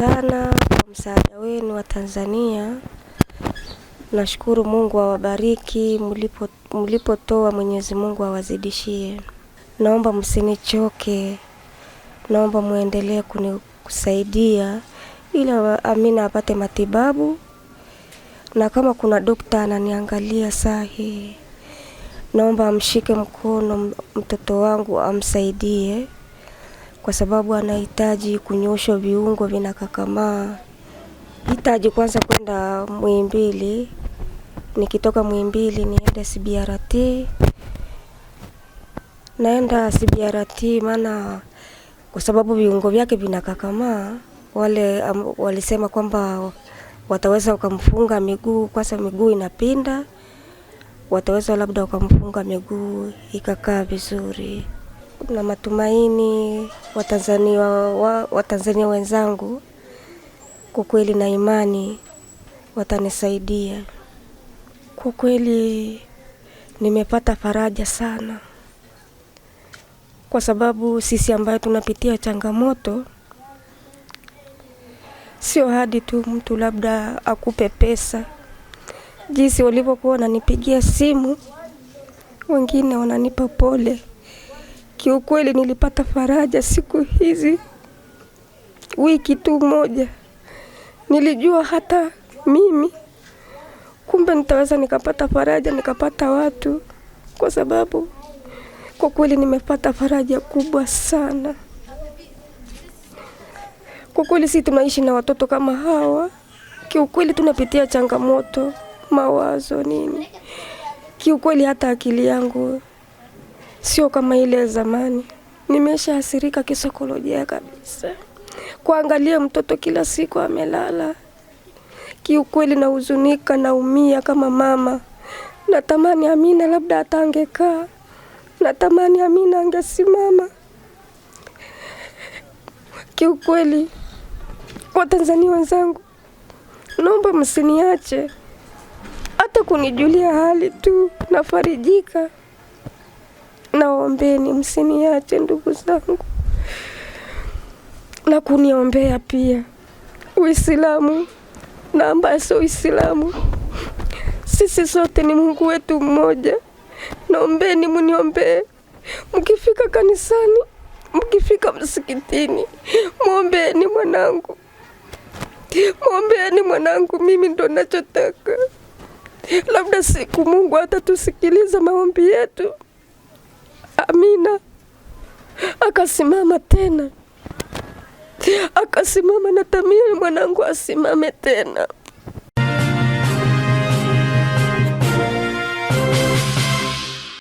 sana kwa msaada wenu wa Tanzania. Nashukuru Mungu awabariki, mlipotoa Mwenyezi Mungu awazidishie. Naomba msinichoke, naomba muendelee kunikusaidia ili Amina apate matibabu, na kama kuna dokta ananiangalia sahi, naomba amshike mkono mtoto wangu amsaidie kwa sababu anahitaji kunyoshwa viungo vinakakamaa. Hitaji kwanza kwenda Muhimbili, nikitoka Muhimbili niende CBRT, naenda CBRT maana kwa sababu viungo vyake vinakakamaa. Wale um, walisema kwamba wataweza wakamfunga miguu kwanza, miguu inapinda, wataweza labda wakamfunga miguu ikakaa vizuri na matumaini Watanzania wa, Watanzania wenzangu kwa kweli, na imani watanisaidia kwa kweli. Nimepata faraja sana, kwa sababu sisi ambayo tunapitia changamoto, sio hadi tu mtu labda akupe pesa. Jinsi walivyokuwa wananipigia simu, wengine wananipa pole Kiukweli nilipata faraja siku hizi, wiki tu moja nilijua hata mimi kumbe nitaweza nikapata faraja, nikapata watu, kwa sababu kwa kweli nimepata faraja kubwa sana. Kwa kweli si tunaishi na watoto kama hawa, kiukweli tunapitia changamoto, mawazo nini, kiukweli hata akili yangu sio kama ile ya zamani. Nimeshaathirika kisaikolojia kabisa, kuangalia mtoto kila siku amelala. Kiukweli nahuzunika, naumia kama mama. Natamani Amina labda hata angekaa, natamani Amina angesimama. Kiukweli Watanzania wenzangu, naomba msiniache hata kunijulia hali tu, nafarijika naombeni msiniache ndugu zangu na kuniombea pia. Uislamu na ambaye sio Uislamu, sisi sote ni Mungu wetu mmoja. Naombeni muniombee, mkifika kanisani, mkifika msikitini, mwombeni mwanangu, mwombeni mwanangu. Mimi ndo nachotaka, labda siku Mungu atatusikiliza maombi yetu. Amina akasimama tena, akasimama. na tamia mwanangu asimame tena.